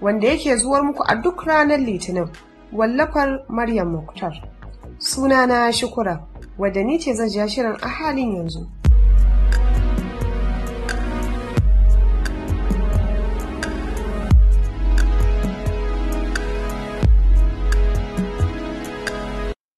wanda yake zuwar muku a duk ranar litinin wallafar Maryam Muktar. Sunana Shukura, wadda ni ce zan shirin a halin yanzu.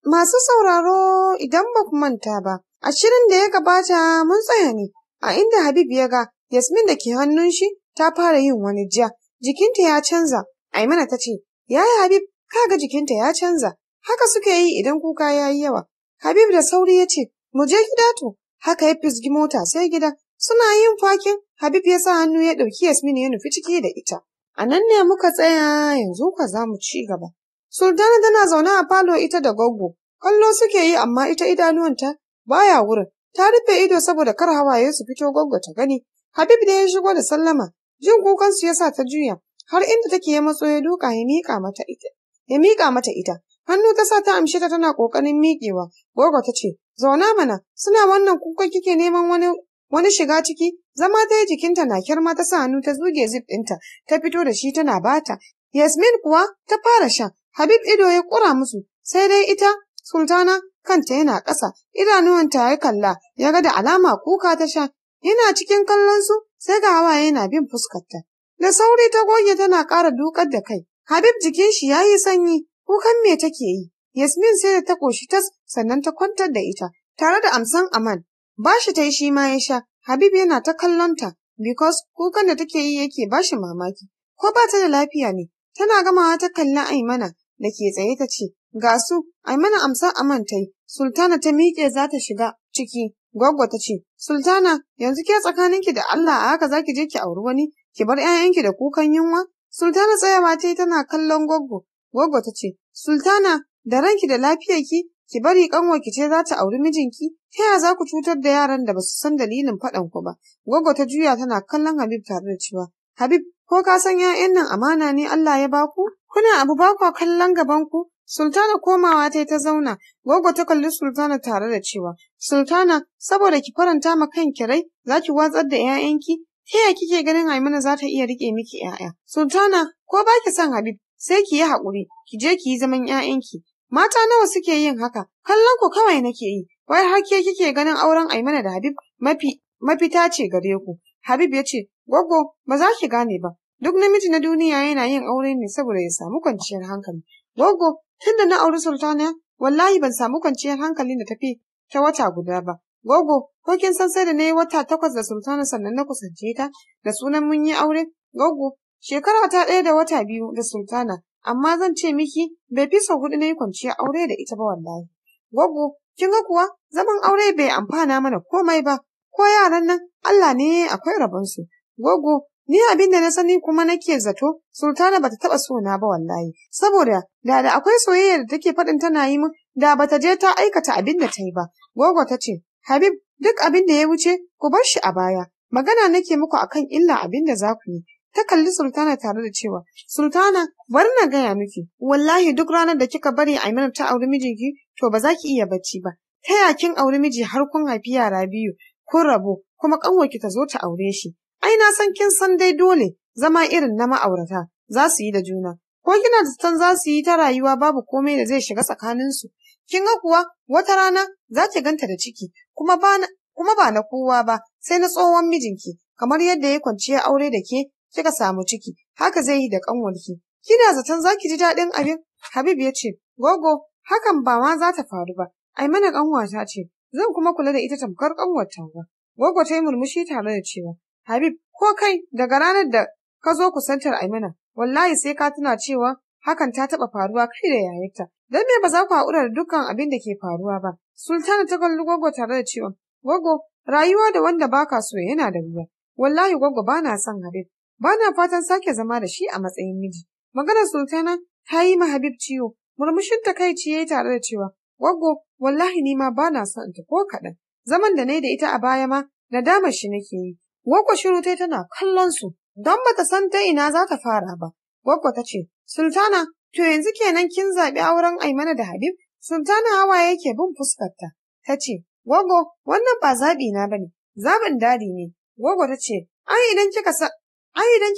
Masu sauraro idan ba ku manta ba, a shirin da ya gabata mun tsaya ne, a inda Habib ya ga Yasmin da ke hannun shi ta fara yin wani ja, jikinta ya canza. Aimana ta ce, Yaya Habib, kaga jikinta ya canza. Haka suka yi idan kuka ya yi yawa. Habib da sauri ya ce, Mu je gida to. Haka ya fisgi mota sai gida. Suna yin fakin, Habib ya sa hannu ya ɗauki Yasmin ya nufi ciki da ita. A nan ne muka tsaya yanzu ka za mu ci gaba. Sultana tana zaune a falo ita da goggo. Kallo suke yi amma ita idanuwanta baya wurin. Ta rufe ido saboda kar hawaye su fito goggo ta gani. Habib da ya shigo da sallama Jin kukansu ya sa ta juya, har inda take ya matso ya duka ya miƙa mata ita. Ya miƙa mata ita. Hannu ta sa ta amshi ta tana ƙoƙarin miƙewa. Gogo ta ce, Zauna mana, suna wannan kukan kike neman wani wani shiga ciki, zama ta yi jikinta na kirma ta sa hannu ta zuge zip ɗinta, ta fito da shi tana bata. Yasmin kuwa ta fara sha, Habib ido ya kura musu, sai dai ita Sultana kanta yana ƙasa, idanuwanta ya kalla, ya ga da alama kuka ta sha, yana cikin kallon su. sai ga hawa yana bin fuskarta. Da sauri ta goge tana ƙara dukar da kai. Habib jikin shi ya yi sanyi, kukan me take yi? Yasmin sai da ta ƙoshi tas sannan ta kwantar da ita, tare da amsan aman. Ba shi ta yi shi ma ya sha, Habib yana ta kallonta, because kukan da take yi yake ba shi mamaki. Ko ba ta da lafiya ne, tana gamawa ta kalli Aimana da ke tsaye ta ce, Ga su, Aimana amsan aman ta yi, Sultana ta miƙe za ta shiga ciki, Goggo ta ce, Sultana, yanzu ke tsakaninki da Allah a haka zaki je ki auri wani, ki bar ‘ya'yanki da kukan yunwa? Sultana tsayawa ta tana kallon Goggo. Goggo ta ce, Sultana, da ranki da lafiyarki, ki bari ki ce za ta auri mijinki, ta yaya za ku cutar da yaran da ba su san dalilin faɗan ku ba. Goggo ta juya tana kallon Habib tare da cewa, Habib, ko ka san ‘ya'yan nan amana ne Allah ya baku? Kuna abu ba kwa kallon gabanku? Sultana komawa ta ta zauna, Goggo ta kalli Sultana tare da cewa, Sultana, saboda ki faranta ma kanki rai, za ki watsar da ‘ya'yanki, ta yaya kike ganin aimana za ta iya rike miki ‘ya'ya? Sultana, ko ba ki son Habib, sai ki yi haƙuri, ki je ki yi zaman ‘ya'yanki. Mata nawa suke yin haka, kallon ku kawai nake yi, wai har ke kike ganin auren Aimana da Habib mafi mafita ce gare ku. Habib ya ce, Goggo, ba za ki gane ba, duk namiji na duniya yana yin aure ne saboda ya samu kwanciyar hankali. Gogo, tun da na auri sultana, wallahi ban samu kwanciyar hankali da tafi ta wata guda ba. Gogo, ko kin san sai da na yi wata takwas da sultana sannan na kusance ta da sunan mun yi aure? Gogo, shekara ta ɗaya da wata biyu da sultana, amma zan ce miki bai fi sau hudu na yi kwanciyar aure da ita ba wallahi. Gogo, kin ga kuwa zaman aure bai amfana mana komai ba, ko yaran nan Allah ne akwai rabonsu. Gogo, Ni abin da na sani kuma nake zato Sultana bata taba so na ba wallahi saboda da da akwai soyayya da take faɗin tana yi min da bata je ta aikata abin da ta yi ba. Gogo ta ce Habib duk abin da ya wuce ku bar shi a baya. Magana nake muku akan illa abin da za ku yi. Ta kalli Sultana tare da cewa Sultana bari na gaya miki wallahi duk ranar da kika bari Aimana ta auri mijinki to ba za ki iya bacci ba. Ta yakin auri miji har kun haifi yara biyu kun rabo, kuma ƙanwarki ta zo ta aure shi Ai na san kin san dai dole zama irin na ma'aurata za su yi da juna. Ko kina da san za su yi ta rayuwa babu komai da zai shiga tsakaninsu. Kin ga kuwa wata rana za ki ganta da ciki kuma ba na kuma ba na kowa ba sai na tsohon mijinki kamar yadda ya kwanciya aure da ke kika samu ciki haka zai yi da kanwarki. Kina zaton za ki ji daɗin abin? Habib ya ce, Gogo, hakan ba ma za ta faru ba, ai mana ƙanwata ce, zan kuma kula da ita tamkar kanwata ba. Gogo ta yi murmushi tare da cewa, Habib, ko kai daga ranar da ka zo kusantar Amina, wallahi sai ka tuna cewa hakan ta taɓa faruwa kai da yayarta. Don me ba za ku haƙura da dukkan abin da ke faruwa ba? Sultana ta kalli Gwaggo tare da cewa, Gogo, rayuwa da wanda baka so yana da wuya. Wallahi Gwaggo ba na son Habib, ba na fatan sake zama da shi a matsayin miji. Maganar Sultana ta yi ma Habib ciwo, murmushin takaici ya yi tare da cewa, Gogo, wallahi nima ma ba na son ta ko kaɗan. Zaman da na yi da ita a baya ma, nadamar shi nake yi, Gwaggo shiru ta tana kallon su, don bata san ta ina za ta fara ba. Gwaggo ta ce, Sultana, to yanzu kenan kin zaɓi auren Aimana da Habib? Sultana hawa yake bin fuskarta. Ta ce, Gwaggo, wannan ba zaɓi na ba bane, zaɓin dadi ne. Gwaggo ta ce, Ai idan kika sa,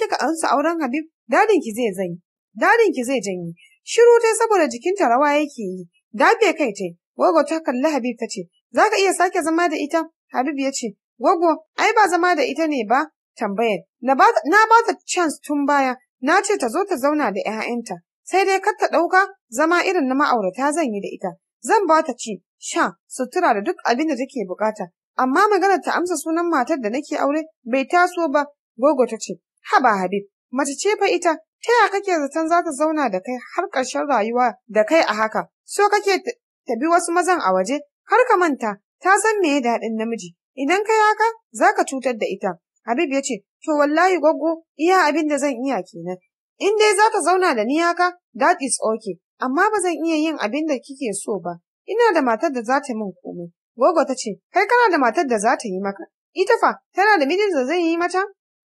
kika ansa auren Habib, dadin ki zai zanyi, dadin ki zai janyi. Shiru ta saboda jikinta rawa yake yi, dafe kai tai. Gwaggo ta kalli Habib ta ce, Za ka iya sake zama da ita? Habib ya ce, Gwaggo, ai ba zama da ita ne ba, tambayar. Na ba ta chance tun baya, na ce ta zo ta zauna da ‘ya'yanta, sai dai kar ta ɗauka zama irin na ma'aurata zan yi da ita. Zan ba ta ci, sha, sutura da duk abin da take bukata. Amma maganar ta amsa sunan matar da nake aure bai taso ba, Gogo ta ce, Haba Habib, mace ce fa ita, ta ya kake zaton za ta zauna da kai har ƙarshen rayuwa da kai a haka? So kake ta bi wasu mazan a waje, har ka manta, ta san meye daɗin namiji, Idan ka yi haka, za ka cutar da ita. Habib ya ce, To wallahi gwaggo, iya abin da zan iya kenan. In dai za ta zauna da ni haka, that is okay, amma ba zan iya yin abin da kike so ba. Ina da matar da za ta min komai. Gwaggo ta ce, Kai kana da matar da za ta yi maka. Ita fa, tana da mijin da zan yi mata?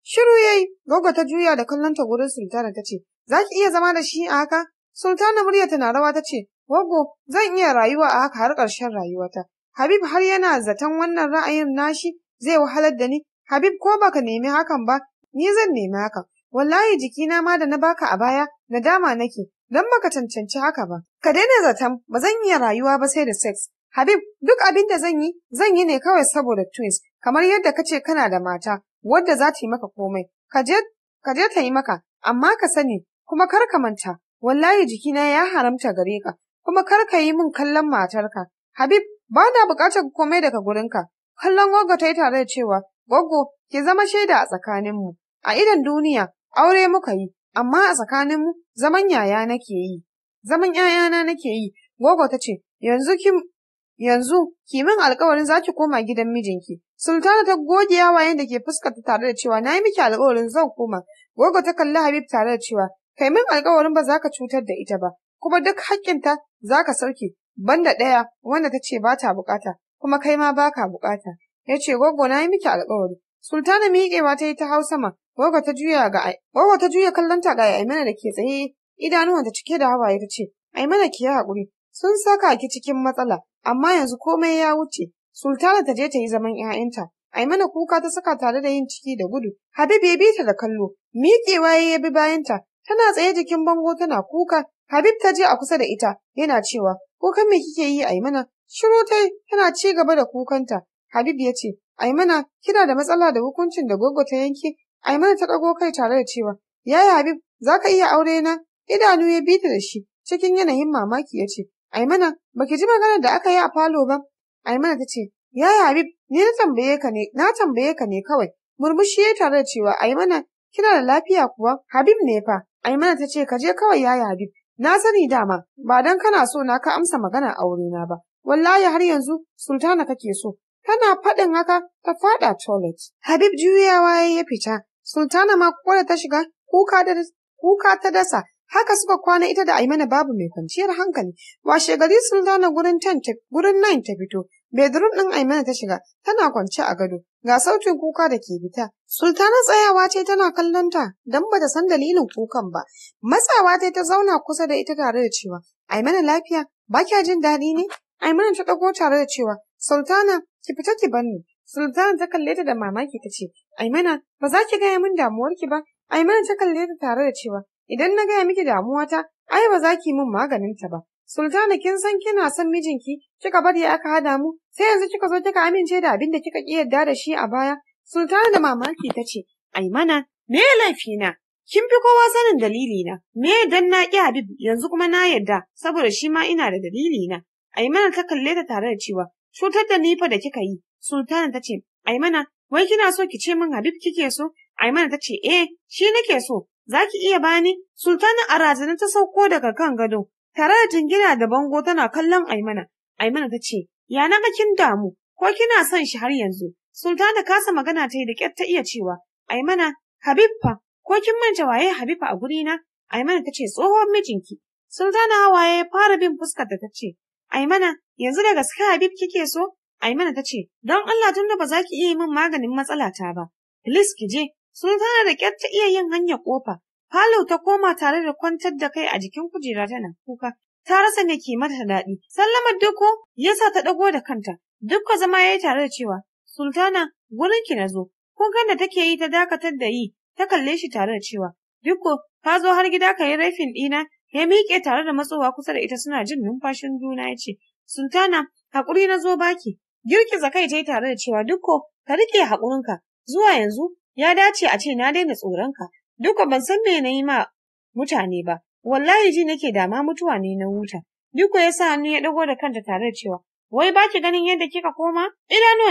Shiru yayi, Gogo ta juya da kallon ta gurin Sultana ta ce, Za ki iya zama da shi a haka? Sultana murya tana rawa ta ce, Gwaggo, zan iya rayuwa a haka har ƙarshen rayuwata. Habib har yana zaton wannan ra'ayin nashi zai wahalar da ni. Habib ko baka nemi hakan ba, ni zan nemi haka. Wallahi jikina ma da na baka a baya, nadama nake, dan baka cancanci haka ba. Ka daina zaton ba zan iya rayuwa ba sai da sex. Habib, duk abin da zan yi, zan yi ne kawai saboda twins, kamar yadda ka ce kana da mata, wadda za ta yi maka komai. Ka je ta yi maka, amma ka sani, kuma kar ka manta, wallahi jikina ya haramta gare ka, kuma kar ka yi min kallon matarka. Habib, Ba na buƙatar komai daga gurinka. Kallon Goggo ta yi tare da cewa, Goggo, ki zama shaida a tsakaninmu. A idon duniya, aure muka yi, amma a tsakaninmu zaman yaya nake yi. Zaman ‘ya'yana nake yi. Goggo ta ce, yanzu ki Yanzu, kimin alkawarin za ki koma gidan mijinki. Sultana ta goge yawa da ke fuskata tare da cewa na yi miki alkawarin zan koma. Goggo ta kalli Habib tare da cewa kai min alkawarin ba za ka cutar da ita ba, kuma duk haƙƙinta za ka sauke. banda ɗaya wanda ta ce ba ta bukata kuma kai ma baka bukata ya ce gwaggo na yi miki alkawari sultana miƙewa ta yi ta hau sama gwaggo ta juya ga gwaggo ta juya kallon ta ga aimana da ke tsaye idanuwanta cike da hawaye ta ce aimana ki yi haƙuri sun saka ki cikin matsala amma yanzu komai ya wuce sultana ta je ta yi zaman 'ya'yanta Aimana kuka ta saka tare da yin ciki da gudu. Habib ya bi ta da kallo, miƙewa ya bi bayanta, tana tsaye jikin bango tana kuka, Habib ta je a kusa da ita yana cewa kukan me kike yi Aimana? Shiru tai tana ci gaba da kukanta. Habib ya ce Aimana kina da matsala da hukuncin da gogo ta yanke? Aimana ta ɗago kai tare da cewa yaya Habib za ka iya aure na? Idanu ya bita da shi cikin yanayin mamaki ya ce Aimana baki ji maganar da aka yi a falo ba? Aimana ta ce yaya Habib ni na tambaye ka ne na tambaye ka ne kawai murmushi ya tare da cewa Aimana kina da lafiya kuwa Habib ne fa Aimana ta ce ka je kawai yaya Habib Na sani dama, ba don kana so na ka amsa magana aure na ba. Wallahi har yanzu sultana kake so. Tana faɗin haka ta faɗa toilet. Habib juyawa ya fita. Sultana ma kuwa ta shiga kuka ta dasa. Haka suka kwana ita da Aimana babu mai kwanciyar hankali. Washe gari Sultana gurin nan ta fito. Bedroom ɗin Aimana ta shiga tana kwance a gado. Ga sautin kuka da ke fita, Sultana tsayawa ce tana kallon ta, don ba ta san dalilin kukan ba. Matsawa ta ta zauna kusa da ita tare da cewa, Aimana lafiya, ba kya jin daɗi ne? Aimana ta ɗago tare da cewa, Sultana, ki fita ki bar ni. Sultana ta kalle ta da mamaki ta ce, Aimana, ba za ki gaya min damuwarki ba? Aimana ta kalle ta tare da cewa, idan na gaya miki damuwata, ai ba za ki min maganin ta ba. Sultana kin san kina son mijinki, kika bari aka hada mu, sai yanzu kika zo kika amince da abin da kika ki yarda da shi a baya. Sultana da mamaki ta ce, ai mana, me laifina? Kin fi kowa sanin dalilina, me dan na ƙi Habib yanzu kuma na yarda saboda shi ma ina da dalilina. Aimana ta kalle ta tare da cewa, cutar da ni da kika yi. Sultana ta ce, Aimana, wai kina so ki ce min Habib kike so? mana ta ce, eh, shi nake so, zaki iya bani? Sultana a razana ta sauko daga kan gado, tare da jingina da bango tana kallon Aimana. Aimana ta ce, Ya naga kin damu, ko kina son shi har yanzu? Sultana kasa magana ta yi da ƙyar ta iya cewa, Aimana, Habibfa, ko kin manta waye Habib a gurina? Aimana ta ce tsohon mijinki. Sultana hawaye ya fara bin fuskar ta ce, Aimana, yanzu da gaske Habib kike so? Aimana ta ce, don Allah tun da ba za ki iya yi min maganin matsalata ba. Please ki je, Sultana da ƙyar ta iya yin hanyar ƙofa. Falo ta koma tare da kwantar da kai a jikin kujera tana kuka. ta rasa ne ke mata daɗi. Sallamar duku ya sa ta ɗago da kanta, dukka zama ya yi tare da cewa, Sultana, wurin ki na zo, kun da take yi ta dakatar da yi, ta kalle shi tare da cewa, Dukko, ka zo har gida ka yi raifin ɗina, ya miƙe tare da matsowa kusa da ita suna jin numfashin juna ya ce, Sultana, haƙuri na zo baki. Girki kai ta yi tare da cewa Dukko, ka riƙe haƙurinka, zuwa yanzu ya dace a ce na daina tsoronka, Dukko ban san me na yi ma mutane ba, Wallahi ji nake dama mutuwa ne na wuta? Dukko ya sa hannu ya dago da kanta tare da cewa, Wai ba ki ganin yadda kika koma?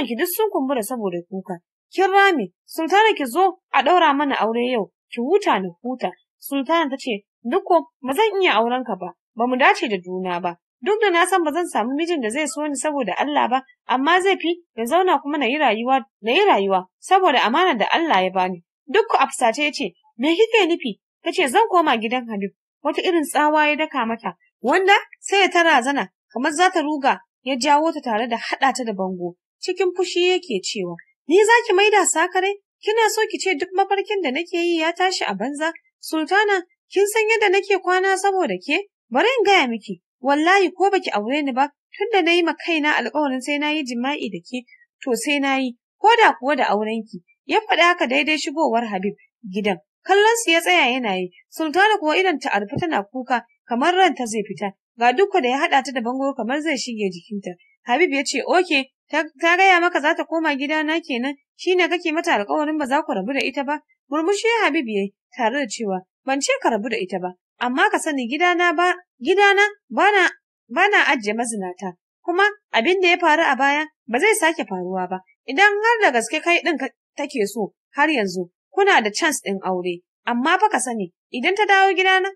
ki duk sun kumbura saboda kuka. Kin rame, Sultana ki zo a ɗaura mana aure yau, ki huta ni huta. Sultana ta ce, Dukko, ba zan iya auren ka ba, ba mu dace da juna ba. Duk da na san ba zan samu mijin da zai so ni saboda Allah ba, amma zai fi ya zauna kuma na yi rayuwa, na yi rayuwa saboda amanar da Allah ya bani. Dukko afsace ya ce, Me kike nufi? Ta ce, Zan koma gidan Habib, wata irin tsawa ya daka mata, wanda sai ya tara zana kamar za ta ruga ya jawo ta tare da haɗa ta da bango. Cikin fushi yake cewa, Ni za ki maida sakare, kina so ki ce duk mafarkin da nake yi ya tashi a banza? Sultana, kin san yadda nake kwana saboda ke? Bari in gaya miki, wallahi ko baki aure ni ba, Tunda nayi ma kaina alƙawarin, sai nayi jima'i da ke, to sai nayi ko da kuwa da aurenki. Ya faɗa haka daidai shigowar Habib gidan, Kallon su ya tsaya yana yi, Sultana kuwa idan ta arfa tana kuka kamar ranta zai fita, ga dukka da ya hada ta da bango kamar zai shige jikinta. Habib ya ce, "Oke, ta gaya maka za ta koma gidana kenan, shi ne kake mata alkawarin ba za ku rabu da ita ba?" Murmushi Habib ya tare da cewa, "Ban ce ka rabu da ita ba, amma ka sani gidana ba, gidana bana bana ajiye mazinata, kuma abin da ya faru a baya ba zai sake faruwa ba. Idan har da gaske kai ɗin take so har yanzu, kuna da chance ɗin aure, amma fa ka sani idan ta dawo gidana,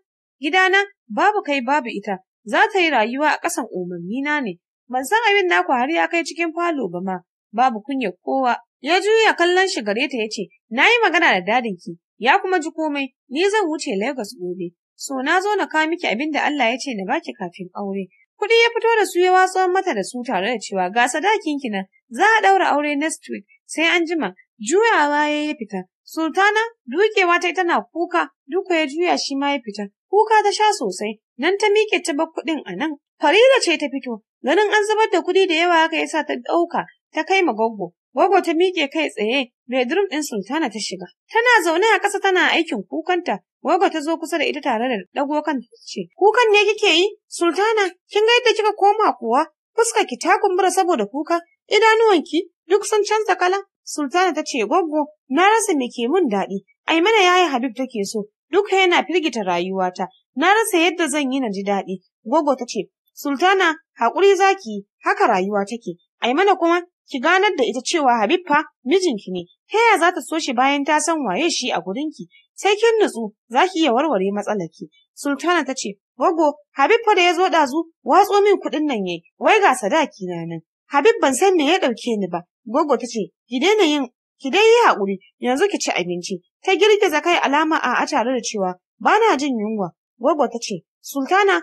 gidana babu kai babu ita, za ta yi rayuwa a ƙasan umarnina ne, ban san abin naku har ya kai cikin falo ba ma, babu kunya kowa. Ya juya kallon shi gare ta ya ce, na yi magana da dadinki, ya kuma ji komai, ni zan wuce Lagos gobe. So na zo na kawo miki abin da Allah ya ce na baki kafin aure. Kuɗi ya fito da su ya watsa mata da su tare da cewa ga sadakin ki na. za a ɗaura aure next week sai an jima. Juyawa ya yi fita, Sultana dukewa ta tana kuka, duka ya juya shi ma ya fita. Kuka ta sha sosai, nan ta miƙe ta bar kuɗin a nan. Farida ce ta fito, ganin an zubar da kuɗi da yawa haka sa ta ɗauka ta kai ma Goggo. Goggo ta miƙe kai tsaye, bedroom ɗin Sultana ta shiga. Tana zaune a ƙasa tana aikin kukanta, Gwaggo ta zo kusa da ita tare da ɗago kan ta ce, Kukan ne kike yi? Sultana, kin ga yadda kika koma kuwa? Fuska ki ta kumbura saboda kuka, idanuwanki duk sun canza kala, Sultana ta ce, Gwaggo, na rasa me ke mun daɗi, ai mana yaya Habib take so, duka yana firgita rayuwata, na rasa yadda zan yi na ji daɗi. Gwaggo ta ce, Sultana, haƙuri zaki, haka rayuwa take, ai mana kuma ki ganar da ita cewa Habib fa mijinki ne, ta yaya za ta so shi bayan ta san waye shi a gurinki, sai kin nutsu za ki iya warware matsalarki. Sultana ta ce, Gwaggo, Habib fa da ya zo ɗazu, watso min kuɗin nan yayi, wai ga sadaki na nan. Habib ban san me ya ɗauke ni ba, Gogo ta ce, ki daina yin, ki dai yi haƙuri, yanzu ki ci abinci. Ta girgiza kai alama a a tare da cewa ba na jin yunwa. Gogo ta ce, Sultana,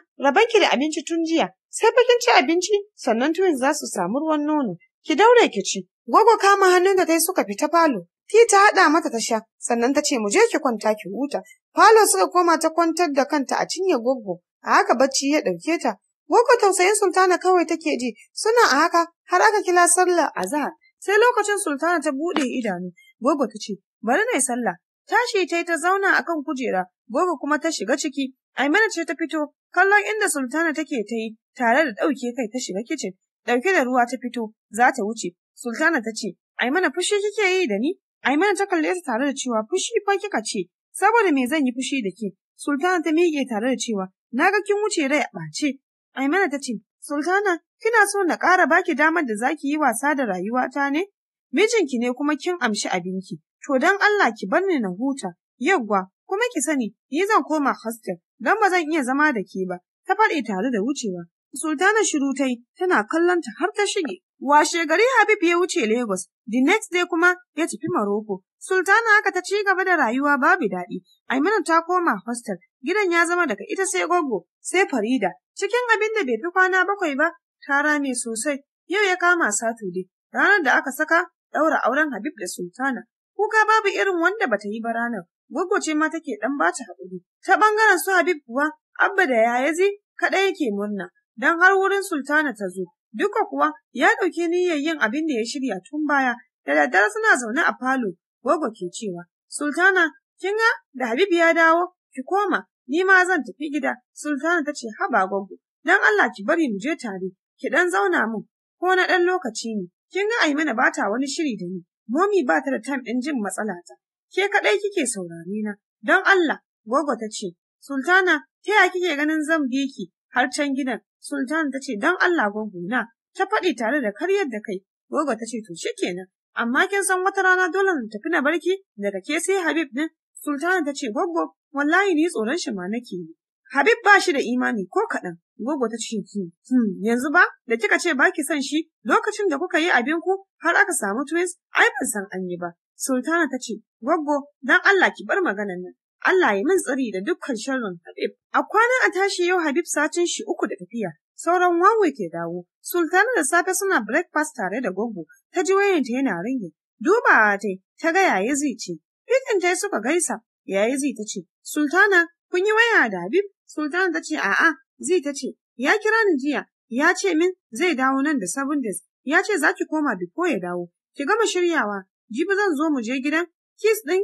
ki da abinci tun jiya, sai bakin ci abinci sannan twins za su samu ruwan nono. Ki daure ki ci. Gogo kama hannun da ta suka fita falo. Ti ta haɗa mata ta sha, sannan ta ce mu je ki kwanta ki huta. Falo suka koma ta kwantar da kanta a cinye gogo. a haka bacci ya ɗauke ta. Gogo tausayin sultana kawai take ji, suna a haka har aka kila sallar azahar. Sai lokacin sultana ta bude idanu, gogo ta ce, bari na sallah. Tashi ta ta zauna akan kujera, gogo kuma ta shiga ciki. Aimana ce ta fito, kallon inda sultana take ta yi, tare da ɗauke kai ta shiga kicin. Ɗauke da ruwa ta fito, za ta wuce. Sultana ta ce, Aimana fushi kike yi da ni? Aimana ta kalle ta tare da cewa fushi fa kika ce, saboda me zan yi fushi da ke? Sultana ta miƙe tare da cewa, na ga kin wuce rai a ɓace. Aimana ta ce, Sultana, kina so na ƙara baki damar da zaki yi wasa da rayuwata ne? Mijinki ne kuma kin amshi abinki, to don Allah ki bar ni na huta, yawwa, kuma ki sani, ni zan koma hostel, don ba zan iya zama da ke ba, ta faɗi tare da wucewa. Sultana shiru shirutai tana kallonta har ta shige. Washe gari Habib ya wuce Lagos, the next day kuma ya tafi Maroko. Sultana haka ta ci gaba da rayuwa babu daɗi. Aminu ta koma hostel, gidan ya zama daga ita sai gogo, sai Farida, Cikin abin da bai fi kwana bakwai ba, ta rame sosai, yau ya kama dai. ranar da aka saka ɗaura auren Habib da Sultana. Kuka babu irin wanda bata yi ba ranar, gogo ce ma take ɗan bata haƙuri. Ta ɓangaren su Habib kuwa, Abba da zi kaɗai yake murna, dan har wurin Sultana ta zo. Duka kuwa ya ɗauki niyyar yin abin da ya shirya tun baya, da daddare suna zaune a falo, Gogo ke cewa, Sultana, kin ga da Habib ya dawo, ki koma, Ni ma zan tafi gida, Sultana ta ce haba gwaggo, don Allah ki bari mu je tare, ki ɗan zauna mun, ko na ɗan lokaci ne, kin ga Aimana ba ta wani shiri da ni, momi ba ta da tam ɗin jin matsala ta. ke kaɗai kike saurare na, don Allah, gwaggo ta ce, Sultana, ta ya kike ganin zan bi ki har can gidan, Sultana ta ce don Allah gwaggo na, ta faɗi tare da karyar da kai, gwaggo ta ce to shikenan, amma kin san wata rana dole na tafi na barki daga ke sai Habib din, Sultana ta ce gwaggo Wallahi ni tsoron shi ma nake yi. Habib ba shi da imani ko kaɗan. Gogo ta ce, hmm, hmm, yanzu ba, da kika ce ba ki son shi, lokacin da kuka yi abinku har aka samu twins, ai ban san an yi ba. Sultana ta ce, Gogo, don Allah ki bar maganan nan. Allah ya min tsari da dukkan sharrin Habib. A kwanan a tashi yau Habib satin shi uku da tafiya. Sauran wawai ke dawo. Sultana da safe suna breakfast tare da Gogo, Ta ji wayanta yana ringe. Duba ta ta ga yaya zai ce. Fikin ta suka gaisa. Yaya zai ta ce, Sultana, kun yi waya da Habib? Sultana ta ce, a'a, zai ta ce, ya kira ni jiya, ya ce min zai dawo nan da sabon days, ya ce za ki koma biko ya dawo. Ki gama shiryawa, jibi zan zo mu je gidan, kis ɗin,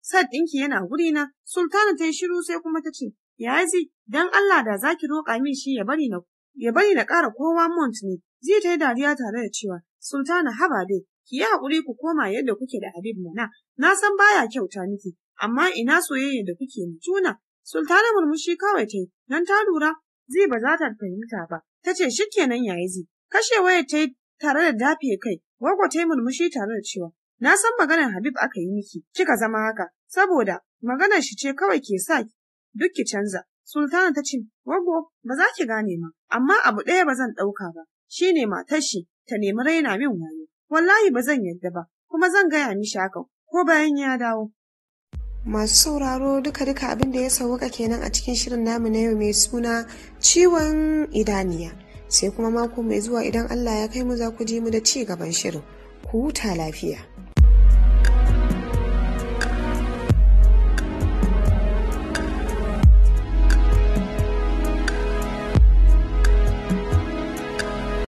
sat ɗinki yana guri na Sultana ta yi shiru sai kuma ta ce, ya zai, don Allah da za ki roƙa min shi ya bari na ya bari na ƙara kowa mont ne, zai ta yi dariya tare da cewa, Sultana haba dai, ki yi haƙuri ku koma yadda kuke da Habib mana, na san baya kyauta miki, amma ina soyayya da kuke mu juna. Sultana murmushi kawai ta yi, Nan ta lura zai ba za ta fahimta ba, ta ce shi kenan yayi zai. Kashe waya ta yi tare da dafe kai, gwaggo ta yi murmushi tare da cewa, na san maganar Habib aka yi miki, kika zama haka, saboda maganar shi ce kawai ke sa duk ki canza. Sultana ta ce, Wago, ba za ki gane ma, amma abu ɗaya ba zan ɗauka ba, shi ne matar shi ta nemi raina min wayo. wallahi ba zan yadda ba, kuma zan gaya mishi hakan ko bayan ya dawo. Masu sauraro duka-duka abin da ya sauka kenan a cikin shirin namu na yau mai suna ciwon idaniya. Sai kuma mako mai zuwa idan Allah ya kai mu za ku ji mu da ci gaban shirin. Ku huta lafiya.